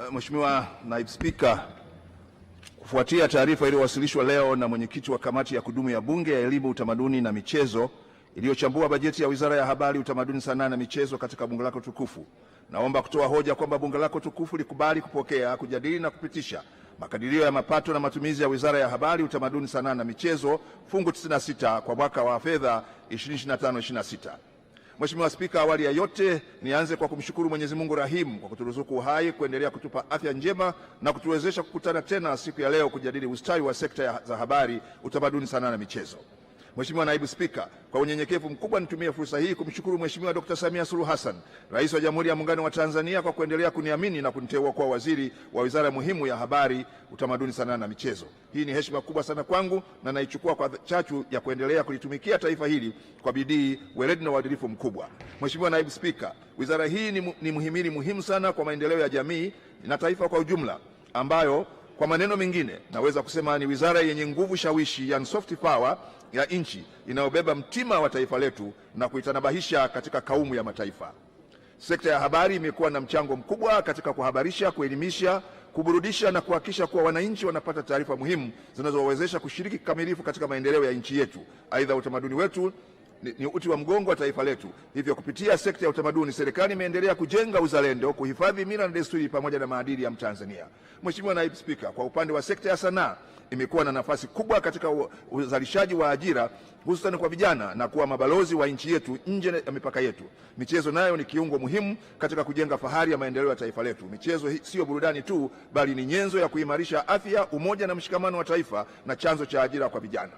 Eh, Mheshimiwa Naibu Spika, kufuatia taarifa iliyowasilishwa leo na mwenyekiti wa kamati ya kudumu ya Bunge ya Elimu, Utamaduni na Michezo iliyochambua bajeti ya Wizara ya Habari, Utamaduni, Sanaa na Michezo katika bunge lako tukufu, naomba kutoa hoja kwamba bunge lako tukufu likubali kupokea, kujadili na kupitisha makadirio ya mapato na matumizi ya Wizara ya Habari, Utamaduni, Sanaa na Michezo fungu 96 kwa mwaka wa fedha 2025/26. Mheshimiwa Spika, awali ya yote nianze kwa kumshukuru Mwenyezi Mungu rahimu kwa kuturuzuku uhai, kuendelea kutupa afya njema na kutuwezesha kukutana tena siku ya leo kujadili ustawi wa sekta za habari, utamaduni, sanaa na michezo. Mheshimiwa Naibu Spika, kwa unyenyekevu mkubwa nitumie fursa hii kumshukuru Mheshimiwa Dkt. Samia Suluhu Hassan, Rais wa Jamhuri ya Muungano wa Tanzania kwa kuendelea kuniamini na kuniteua kuwa waziri wa wizara muhimu ya habari, utamaduni, sanaa na michezo. Hii ni heshima kubwa sana kwangu na naichukua kwa chachu ya kuendelea kulitumikia taifa hili kwa bidii, weledi na uadilifu mkubwa. Mheshimiwa Naibu Spika, wizara hii ni, ni mhimili muhimu sana kwa maendeleo ya jamii na taifa kwa ujumla ambayo kwa maneno mengine naweza kusema ni wizara yenye nguvu shawishi, yani soft power, ya nchi inayobeba mtima wa taifa letu na kuitanabahisha katika kaumu ya mataifa. Sekta ya habari imekuwa na mchango mkubwa katika kuhabarisha, kuelimisha, kuburudisha na kuhakikisha kuwa wananchi wanapata taarifa muhimu zinazowawezesha kushiriki kikamilifu katika maendeleo ya nchi yetu. Aidha, utamaduni wetu ni, ni uti wa mgongo wa taifa letu. Hivyo kupitia sekta ya utamaduni, serikali imeendelea kujenga uzalendo, kuhifadhi mila na desturi pamoja na maadili ya Mtanzania. Mheshimiwa Naibu Spika, kwa upande wa sekta ya sanaa imekuwa na nafasi kubwa katika uzalishaji wa ajira hususan kwa vijana na kuwa mabalozi wa nchi yetu nje ya mipaka yetu. Michezo nayo ni kiungo muhimu katika kujenga fahari ya maendeleo ya taifa letu. Michezo siyo burudani tu, bali ni nyenzo ya kuimarisha afya, umoja na mshikamano wa taifa na chanzo cha ajira kwa vijana.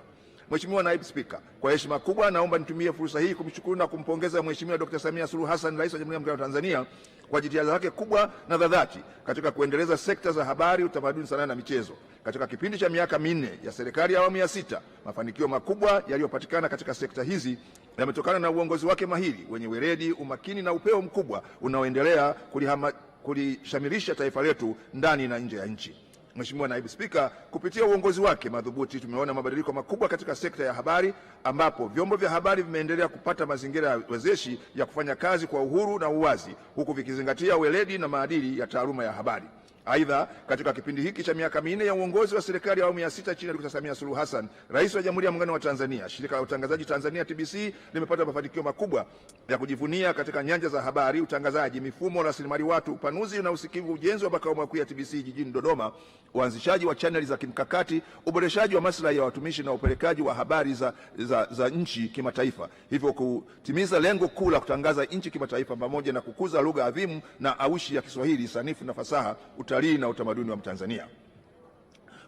Mheshimiwa Naibu Spika, kwa heshima kubwa naomba nitumie fursa hii kumshukuru na kumpongeza Mheshimiwa Dr. Samia Suluhu Hassan, Rais wa Jamhuri ya Muungano wa Tanzania kwa jitihada zake kubwa na za dhati katika kuendeleza sekta za habari, utamaduni, sanaa na michezo. Katika kipindi cha miaka minne ya serikali ya awamu ya sita, mafanikio makubwa yaliyopatikana katika sekta hizi yametokana na uongozi wake mahiri wenye weledi, umakini na upeo mkubwa unaoendelea kulihama kulishamirisha taifa letu ndani na nje ya nchi. Mheshimiwa Naibu Spika, kupitia uongozi wake madhubuti tumeona mabadiliko makubwa katika sekta ya habari ambapo vyombo vya habari vimeendelea kupata mazingira ya wezeshi ya kufanya kazi kwa uhuru na uwazi huku vikizingatia weledi na maadili ya taaluma ya habari. Aidha, katika kipindi hiki cha miaka minne ya uongozi wa serikali ya awamu ya sita chini ya Dkt. Samia Suluhu Hassan, rais wa Jamhuri ya Muungano wa Tanzania, shirika la utangazaji Tanzania TBC limepata mafanikio makubwa ya kujivunia katika nyanja za habari, utangazaji, mifumo, rasilimali watu, upanuzi na usikivu, ujenzi wa makao makuu ya TBC jijini Dodoma, uanzishaji wa chaneli za kimkakati, uboreshaji wa maslahi ya watumishi na upelekaji wa habari za, za, za nchi kimataifa, hivyo kutimiza lengo kuu la kutangaza nchi kimataifa pamoja na kukuza lugha adhimu na aushi ya Kiswahili sanifu na fasaha uta utalii na utamaduni wa Mtanzania.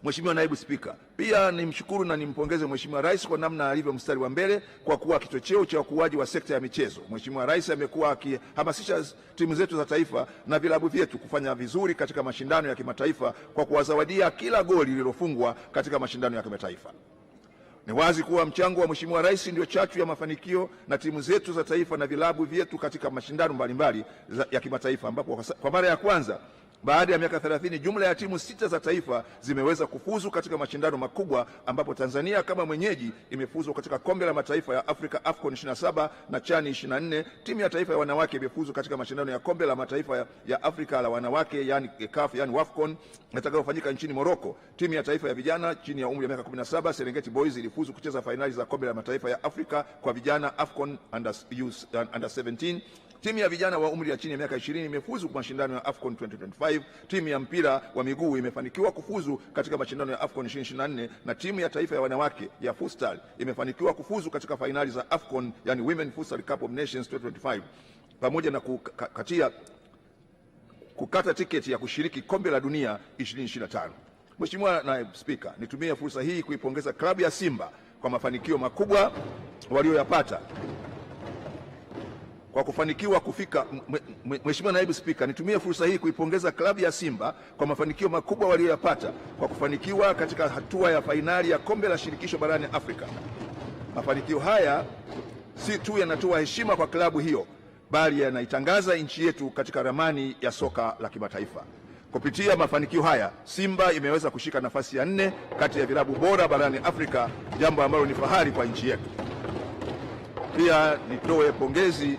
Mheshimiwa Naibu Spika, pia nimshukuru na nimpongeze Mheshimiwa Rais kwa namna alivyo mstari wa mbele kwa kuwa kichocheo cha ukuaji wa sekta ya michezo. Mheshimiwa Rais amekuwa akihamasisha timu zetu za taifa na vilabu vyetu kufanya vizuri katika mashindano ya kimataifa kwa kuwazawadia kila goli lililofungwa katika mashindano ya kimataifa. Ni wazi kuwa mchango wa Mheshimiwa Rais ndio chachu ya mafanikio na timu zetu za taifa na vilabu vyetu katika mashindano mbalimbali ya kimataifa ambapo kwa mara ya kwanza baada ya miaka 30 jumla ya timu sita za taifa zimeweza kufuzu katika mashindano makubwa ambapo Tanzania kama mwenyeji imefuzu katika kombe la mataifa ya Afrika AFCON 27 na CHAN 24. Timu ya taifa ya wanawake imefuzu katika mashindano ya kombe la mataifa ya Afrika la wanawake yani eh, CAF yani WAFCON yatakayofanyika nchini Morocco. Timu ya taifa ya vijana chini ya umri wa miaka 17 Serengeti Boys ilifuzu kucheza fainali za kombe la mataifa ya Afrika kwa vijana AFCON under, under 17 Timu ya vijana wa umri ya chini ya miaka 20 imefuzu mashindano ya AFCON 2025. Timu ya mpira wa miguu imefanikiwa kufuzu katika mashindano ya AFCON 2024 na timu ya taifa ya wanawake ya futsal imefanikiwa kufuzu katika fainali za AFCON, yani Women Futsal Cup of Nations 2025 pamoja na kukatia kukata tiketi ya kushiriki kombe la dunia 2025. Mheshimiwa Naibu Spika, nitumie fursa hii kuipongeza klabu ya Simba kwa mafanikio makubwa walioyapata kwa kufanikiwa kufika. Mheshimiwa Naibu Spika, nitumie fursa hii kuipongeza klabu ya Simba kwa mafanikio makubwa waliyoyapata kwa kufanikiwa katika hatua ya fainali ya kombe la shirikisho barani Afrika. Mafanikio haya si tu yanatoa heshima kwa klabu hiyo, bali yanaitangaza nchi yetu katika ramani ya soka la kimataifa. Kupitia mafanikio haya, Simba imeweza kushika nafasi ya nne kati ya vilabu bora barani Afrika, jambo ambalo ni fahari kwa nchi yetu. Pia nitoe pongezi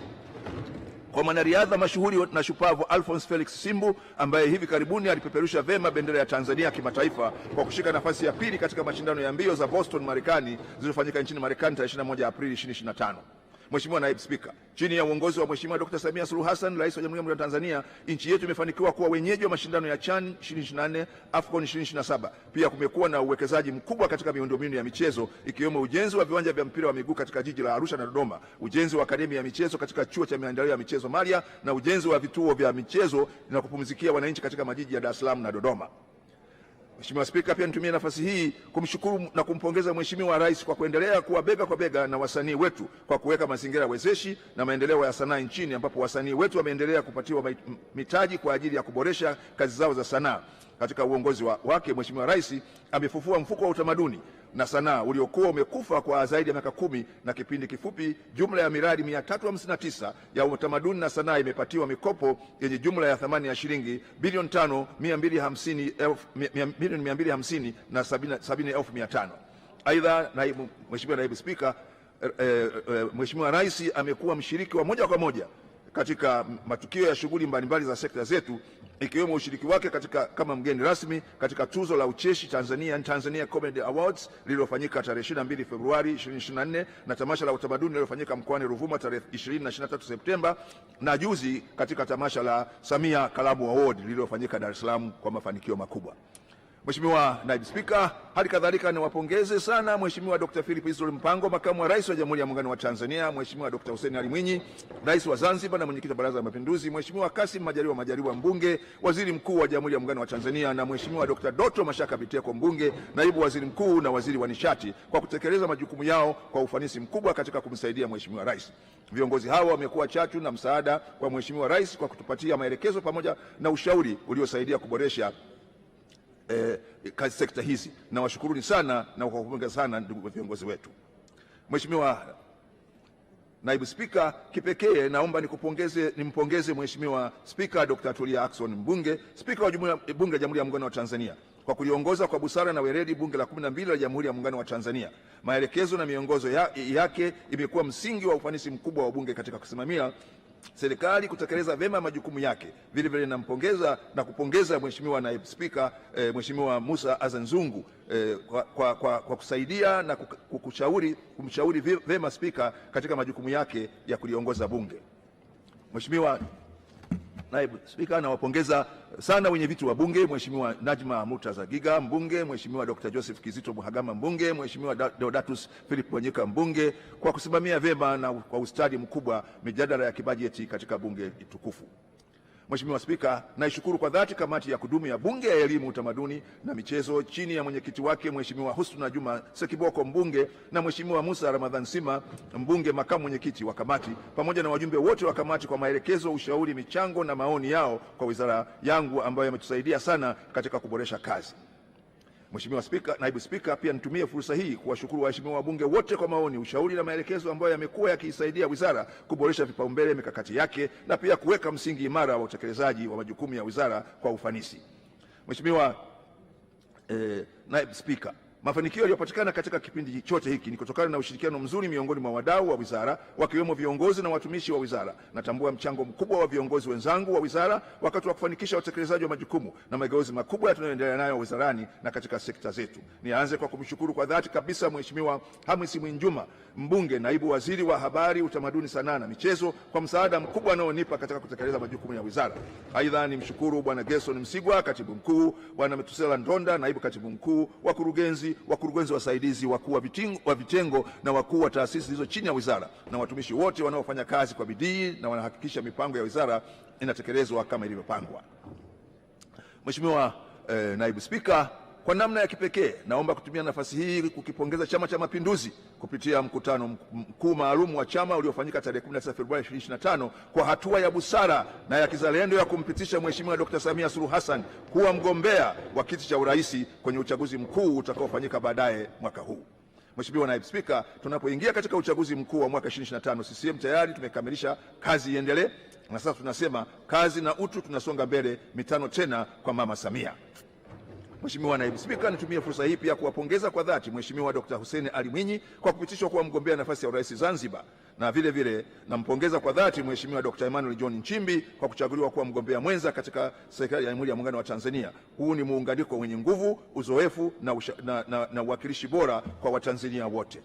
kwa mwanariadha mashuhuri na shupavu Alphonse Felix Simbu ambaye hivi karibuni alipeperusha vema bendera ya Tanzania kimataifa kwa kushika nafasi ya pili katika mashindano ya mbio za Boston Marekani zilizofanyika nchini Marekani tarehe 21 Aprili 2025. Mheshimiwa Naibu Spika, chini ya uongozi wa Mheshimiwa Dr. Samia Suluhu Hassan, Rais wa Jamhuri ya Tanzania, nchi yetu imefanikiwa kuwa wenyeji wa mashindano ya CHAN 2024, AFCON 2027. Pia kumekuwa na uwekezaji mkubwa katika miundombinu ya michezo ikiwemo ujenzi wa viwanja vya mpira wa miguu katika jiji la Arusha na Dodoma, ujenzi wa akademi ya michezo katika chuo cha maendeleo ya michezo Maria, na ujenzi wa vituo vya michezo na kupumzikia wananchi katika majiji ya Dar es Salaam na Dodoma. Mheshimiwa Spika, pia nitumie nafasi hii kumshukuru na kumpongeza Mheshimiwa Rais kwa kuendelea kuwa bega kwa bega na wasanii wetu kwa kuweka mazingira wezeshi na maendeleo ya sanaa nchini, ambapo wasanii wetu wameendelea kupatiwa mitaji kwa ajili ya kuboresha kazi zao za sanaa. Katika uongozi wa, wake Mheshimiwa Rais amefufua mfuko wa utamaduni na sanaa uliokuwa umekufa kwa zaidi ya miaka kumi na kipindi kifupi, jumla ya miradi 359 ya utamaduni na sanaa imepatiwa mikopo yenye jumla ya thamani ya shilingi bilioni 5 milioni 250 na 70,500. Aidha, naibu Mheshimiwa Naibu Spika, eh, eh, Mheshimiwa Rais amekuwa mshiriki wa moja kwa moja katika matukio ya shughuli mbalimbali za sekta zetu ikiwemo ushiriki wake katika, kama mgeni rasmi katika tuzo la ucheshi Tanzania, Tanzania Comedy Awards lililofanyika tarehe 22 Februari 2024 na tamasha la utamaduni lililofanyika mkoani Ruvuma tarehe 20 na 23 Septemba na juzi katika tamasha la Samia Kalamu Award lililofanyika Dar es Salaam kwa mafanikio makubwa. Mheshimiwa Naibu Spika, hali kadhalika niwapongeze sana Mheshimiwa Dr. Philip Isdor Mpango, makamu wa rais wa Jamhuri ya Muungano wa Tanzania, Mheshimiwa Dr. Hussein Ali Mwinyi, rais wa Zanzibar na mwenyekiti wa Baraza la Mapinduzi, Mheshimiwa Kasim Majaliwa Majaliwa, mbunge, waziri mkuu wa Jamhuri ya Muungano wa Tanzania, na Mheshimiwa Dr. Doto Mashaka Biteko, mbunge, naibu waziri mkuu na waziri wa nishati, kwa kutekeleza majukumu yao kwa ufanisi mkubwa katika kumsaidia Mheshimiwa rais. Viongozi hawa wamekuwa chachu na msaada kwa Mheshimiwa rais kwa kutupatia maelekezo pamoja na ushauri uliosaidia kuboresha eh, sekta hizi. Nawashukuruni sana na kuwapongeza sana ndugu viongozi wetu. Mheshimiwa Naibu Spika, kipekee naomba nikupongeze, nimpongeze Mheshimiwa Spika Dr. Tulia Ackson Mbunge, Spika wa Bunge la Jamhuri ya Muungano wa Tanzania kwa kuliongoza kwa busara na weledi Bunge la 12 la Jamhuri ya Muungano wa Tanzania. Maelekezo na miongozo ya, yake imekuwa msingi wa ufanisi mkubwa wa Bunge katika kusimamia serikali kutekeleza vyema majukumu yake. Vile vile nampongeza na kupongeza Mheshimiwa Naibu Spika e, Mheshimiwa Musa Azan Zungu e, kwa, kwa, kwa, kwa kusaidia na kukushauri, kumshauri vyema Spika katika majukumu yake ya kuliongoza Bunge. Mheshimiwa Naibu Spika, nawapongeza sana wenye viti wa Bunge, Mheshimiwa Najma Murtaza Giga mbunge, Mheshimiwa Dr. Joseph Kizito buhagama mbunge, Mheshimiwa Deodatus Philip Wanyika mbunge kwa kusimamia vyema na kwa ustadi mkubwa mijadala ya kibajeti katika Bunge tukufu. Mheshimiwa Spika, naishukuru kwa dhati kamati ya kudumu ya Bunge ya Elimu, Utamaduni na Michezo chini ya mwenyekiti wake Mheshimiwa Husna Juma Sekiboko, mbunge na Mheshimiwa Musa Ramadhan Sima, mbunge makamu mwenyekiti wa kamati, pamoja na wajumbe wote wa kamati kwa maelekezo, ushauri, michango na maoni yao kwa wizara yangu ambayo yametusaidia sana katika kuboresha kazi. Mheshimiwa Spika, naibu Spika, pia nitumie fursa hii kuwashukuru waheshimiwa wabunge wote kwa maoni, ushauri na maelekezo ambayo yamekuwa yakiisaidia wizara kuboresha vipaumbele, mikakati yake na pia kuweka msingi imara wa utekelezaji wa majukumu ya wizara kwa ufanisi. Mheshimiwa eh, naibu Spika, Mafanikio yaliyopatikana katika kipindi chote hiki ni kutokana na ushirikiano mzuri miongoni mwa wadau wa wizara wakiwemo viongozi na watumishi wa wizara. Natambua mchango mkubwa wa viongozi wenzangu wa wizara wakati wa kufanikisha utekelezaji wa majukumu na mageuzi makubwa tunayoendelea nayo wizarani na katika sekta zetu. Nianze kwa kumshukuru kwa dhati kabisa Mheshimiwa Hamisi Mwinjuma, mbunge, naibu waziri wa habari, utamaduni, sanaa na michezo kwa msaada mkubwa anaonipa katika kutekeleza majukumu ya wizara. Aidha, nimshukuru Bwana Gerson Msigwa, katibu mkuu, Bwana Metusela Ndonda, naibu katibu mkuu, wakurugenzi wakurugenzi wasaidizi, wakuu wa vitengo na wakuu wa taasisi zilizo chini ya wizara na watumishi wote wanaofanya kazi kwa bidii na wanahakikisha mipango ya wizara inatekelezwa kama ilivyopangwa. Mheshimiwa eh, Naibu Spika, kwa namna ya kipekee naomba kutumia nafasi hii kukipongeza Chama cha Mapinduzi kupitia mkutano mkuu maalum wa chama uliofanyika tarehe 19 Februari 2025 kwa hatua ya busara na ya kizalendo ya kumpitisha Mheshimiwa Dr. Samia Suluhu Hassan kuwa mgombea wa kiti cha urais kwenye uchaguzi mkuu utakaofanyika baadaye mwaka huu. Mheshimiwa Naibu Spika, tunapoingia katika uchaguzi mkuu wa mwaka 2025 CCM tayari tumekamilisha kazi iendelee, na sasa tunasema kazi na utu, tunasonga mbele mitano tena kwa Mama Samia. Mheshimiwa Naibu Spika, nitumie fursa hii pia kuwapongeza kwa dhati Mheshimiwa Dr. Hussein Ali Mwinyi kwa kupitishwa kuwa mgombea nafasi ya urais Zanzibar, na vile vile nampongeza kwa dhati Mheshimiwa Dr. Emmanuel John Nchimbi kwa kuchaguliwa kuwa mgombea mwenza katika serikali ya Jamhuri ya Muungano wa Tanzania. Huu ni muunganiko wenye nguvu, uzoefu na, usha, na, na, na uwakilishi bora kwa Watanzania wote.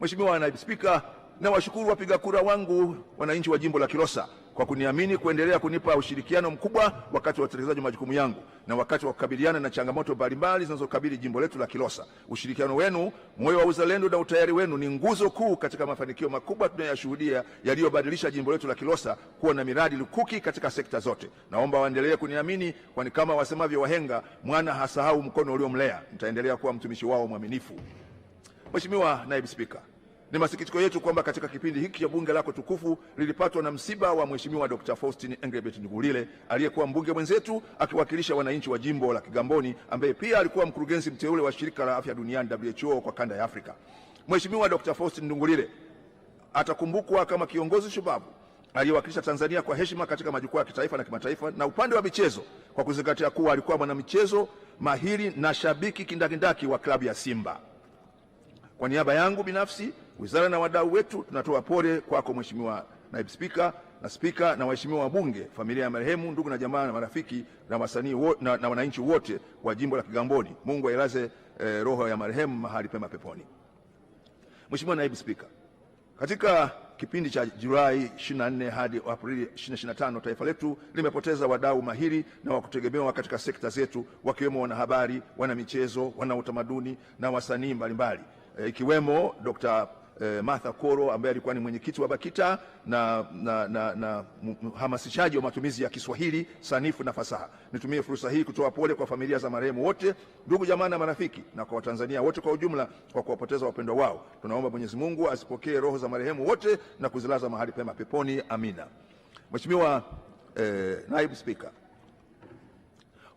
Mheshimiwa Naibu Spika, nawashukuru wapiga kura wangu wananchi wa jimbo la Kilosa kwa kuniamini kuendelea kunipa ushirikiano mkubwa wakati wa utekelezaji wa majukumu yangu na wakati wa kukabiliana na changamoto mbalimbali zinazokabili jimbo letu la Kilosa. Ushirikiano wenu, moyo wa uzalendo na utayari wenu ni nguzo kuu katika mafanikio makubwa tunayoyashuhudia yaliyobadilisha jimbo letu la Kilosa kuwa na miradi lukuki katika sekta zote. Naomba waendelee kuniamini, kwani kama wasemavyo wahenga, mwana hasahau mkono uliomlea. Nitaendelea kuwa mtumishi wao mwaminifu. Mheshimiwa Naibu Spika, ni masikitiko yetu kwamba katika kipindi hiki cha bunge lako tukufu lilipatwa na msiba wa Mheshimiwa Dr. Faustin Engelbert Ndugulile aliyekuwa mbunge mwenzetu akiwakilisha wananchi wa jimbo la Kigamboni, ambaye pia alikuwa mkurugenzi mteule wa shirika la afya duniani WHO kwa kanda ya Afrika. Mheshimiwa Dr. Faustin Ndugulile atakumbukwa kama kiongozi shupavu aliyewakilisha Tanzania kwa heshima katika majukwaa ya kitaifa na kimataifa, na upande wa michezo, kwa kuzingatia kuwa alikuwa mwanamichezo mahiri na shabiki kindakindaki wa klabu ya Simba. Kwa niaba yangu binafsi Wizara na wadau wetu tunatoa pole kwako Mheshimiwa Naibu Spika na Spika na waheshimiwa wabunge, familia ya marehemu, ndugu na jamaa na marafiki na wasanii na, na wananchi wote wa jimbo la Kigamboni. Mungu ailaze eh, roho ya marehemu mahali pema peponi. Mheshimiwa Naibu Spika, katika kipindi cha Julai 24 hadi Aprili 25 taifa letu limepoteza wadau mahiri na wa kutegemewa katika sekta zetu wakiwemo wanahabari, wanamichezo, wana utamaduni na wasanii mbalimbali eh, ikiwemo Dr eh, Martha Koro ambaye alikuwa ni mwenyekiti wa BAKITA na, na, na, na mhamasishaji wa matumizi ya Kiswahili sanifu na fasaha. Nitumie fursa hii kutoa pole kwa familia za marehemu wote, ndugu jamaa na marafiki, na kwa Watanzania wote kwa ujumla kwa kuwapoteza wapendwa wao. Tunaomba Mwenyezi Mungu azipokee roho za marehemu wote na kuzilaza mahali pema peponi. Amina. Mheshimiwa eh, Naibu Spika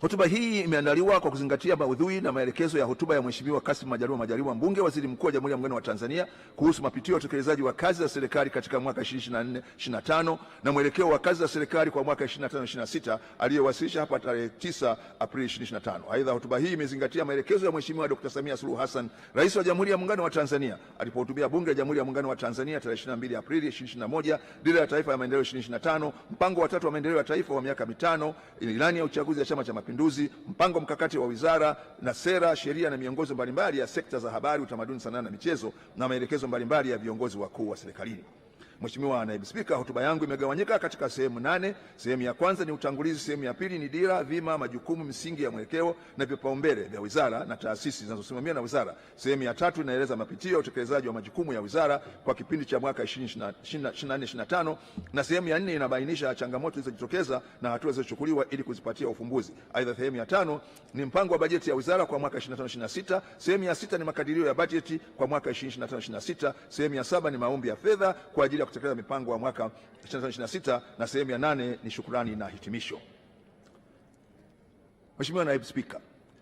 Hotuba hii imeandaliwa kwa kuzingatia maudhui na maelekezo ya hotuba ya Mheshimiwa Kassim Majaliwa Majaliwa, mbunge, waziri mkuu wa Jamhuri ya Muungano wa Tanzania, kuhusu mapitio ya utekelezaji wa kazi za serikali katika mwaka 2024 25 na mwelekeo wa kazi za serikali kwa mwaka 25 26 aliyowasilisha hapa tarehe 9 Aprili 2025. Aidha, hotuba hii imezingatia maelekezo ya Mheshimiwa Dr. Samia Suluhu Hassan, Rais wa Jamhuri ya Muungano wa Tanzania, alipohutubia Bunge la Jamhuri ya Muungano wa Tanzania tarehe 22 Aprili 2021, Dira ya Taifa ya Maendeleo 2025, mpango wa tatu wa maendeleo ya taifa wa miaka mitano, ilani ya uchaguzi ya Chama cha Mapinduzi, mpango mkakati wa wizara na sera, sheria na miongozo mbalimbali ya sekta za habari, utamaduni, sanaa na michezo na maelekezo mbalimbali ya viongozi wakuu wa serikalini. Mheshimiwa Naibu Spika, hotuba yangu imegawanyika katika sehemu nane. Sehemu ya kwanza ni utangulizi, sehemu ya pili ni dira, vima, majukumu msingi ya mwelekeo na vipaumbele vya wizara na taasisi zinazosimamiwa na wizara. Sehemu ya tatu inaeleza mapitio ya utekelezaji wa majukumu ya wizara kwa kipindi cha mwaka 2024/2025 na sehemu ya nne inabainisha changamoto zilizojitokeza na hatua zilizochukuliwa ili kuzipatia ufumbuzi. Aidha, sehemu ya tano ni mpango wa bajeti ya wizara kwa mwaka 2025 Sehemu ya sita ni makadirio ya bajeti kwa mwaka 2025 Sehemu ya saba ni maombi ya fedha kwa ajili ya kutekeleza mipango ya mwaka 2026 na sehemu ya nane ni shukrani na hitimisho. Mheshimiwa Naibu Spika,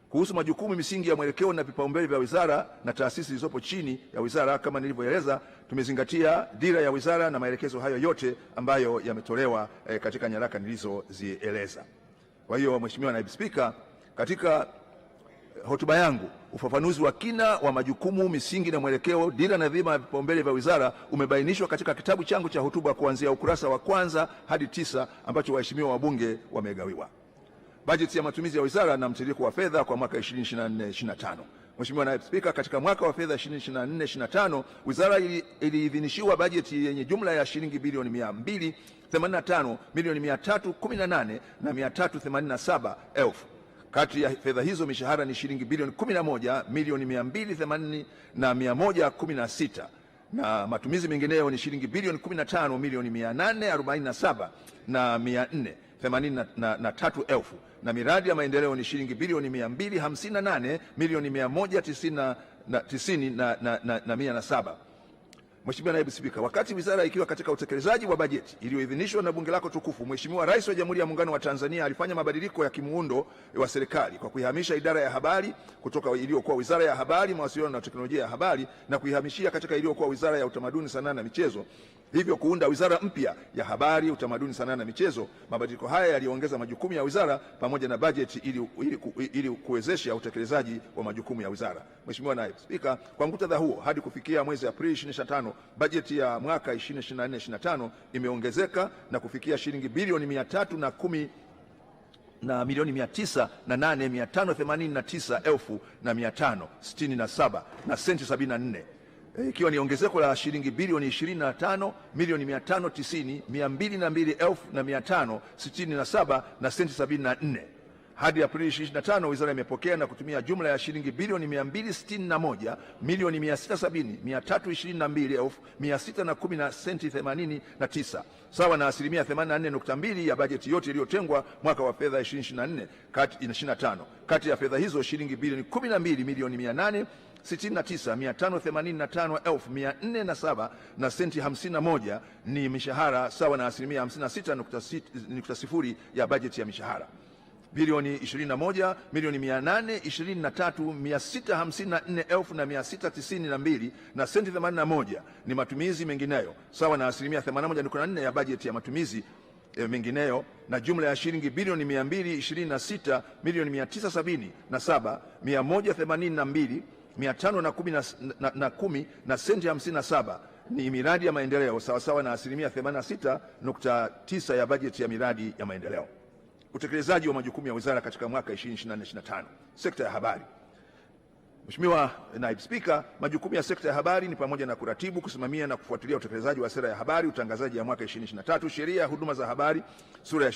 kuhusu majukumu, misingi ya mwelekeo na vipaumbele vya wizara na taasisi zilizopo chini ya wizara, kama nilivyoeleza, tumezingatia dira ya wizara na maelekezo hayo yote ambayo yametolewa eh, katika nyaraka nilizozieleza. Kwa hiyo Mheshimiwa Naibu Spika, katika hotuba yangu, ufafanuzi wa kina wa majukumu, misingi na mwelekeo, dira na dhima ya vipaumbele vya wizara umebainishwa katika kitabu changu cha hotuba kuanzia ukurasa wa kwanza hadi tisa ambacho waheshimiwa wabunge wamegawiwa. Bajeti ya matumizi ya wizara na mtiririko wa fedha kwa mwaka 2024/25. Mheshimiwa Naibu Spika, katika mwaka wa fedha 2024/25 wizara iliidhinishiwa ili bajeti yenye jumla ya shilingi bilioni 285 milioni 318 na 387 elfu kati ya fedha hizo mishahara ni shilingi bilioni 11 milioni 280 na 116 na matumizi mengineyo ni shilingi bilioni 15 milioni 847 na 483 elfu na miradi ya maendeleo ni shilingi bilioni 258 milioni 190 na 107 Mheshimiwa Naibu Spika, wakati wizara ikiwa katika utekelezaji wa bajeti iliyoidhinishwa na bunge lako tukufu, Mheshimiwa Rais wa Jamhuri ya Muungano wa Tanzania alifanya mabadiliko ya kimuundo wa serikali kwa kuihamisha idara ya habari kutoka iliyokuwa Wizara ya Habari, Mawasiliano na Teknolojia ya Habari na kuihamishia katika iliyokuwa Wizara ya Utamaduni, Sanaa na Michezo hivyo kuunda wizara mpya ya habari, utamaduni, sanaa na michezo. Mabadiliko haya yaliongeza majukumu ya wizara pamoja na bajeti ili, ili, ili kuwezesha utekelezaji wa majukumu ya wizara. Mheshimiwa Naibu Spika, kwa muktadha huo hadi kufikia mwezi Aprili 25 bajeti ya mwaka 2024/2025 imeongezeka na kufikia shilingi bilioni na kumi na milioni mia tisa na nane mia tano themanini na tisa elfu na mia tano sitini na saba na senti sabini na nne. Eh, ikiwa ni ongezeko la shilingi bilioni 25 milioni 590 202,567 na senti 74. Hadi Aprili 25 wizara imepokea na kutumia jumla ya shilingi bilioni 261 milioni 670 322,610 na senti 89 sawa na asilimia 84.2 ya bajeti yote iliyotengwa mwaka wa fedha 2024 kati, 25. Kati ya fedha hizo shilingi bilioni 12 milioni 800 69585,407 na senti 51 ni mishahara sawa na asilimia 56.0 ya bajeti ya mishahara bilioni 21 milioni 823,654,692 na senti 81 ni matumizi mengineyo sawa na asilimia 81.4 ya bajeti ya matumizi e, mengineyo na jumla ya shilingi bilioni 226 milioni 977 na 7 182 510 na senti 57 ni miradi ya maendeleo sawasawa na asilimia 86.9 ya bajeti ya miradi ya maendeleo. Utekelezaji wa majukumu ya wizara katika mwaka 2024 2025 Sekta ya habari. Mheshimiwa Naibu Spika, majukumu ya sekta ya habari ni pamoja na kuratibu, kusimamia na kufuatilia utekelezaji wa sera ya habari, utangazaji ya mwaka 2023, sheria ya huduma za habari sura ya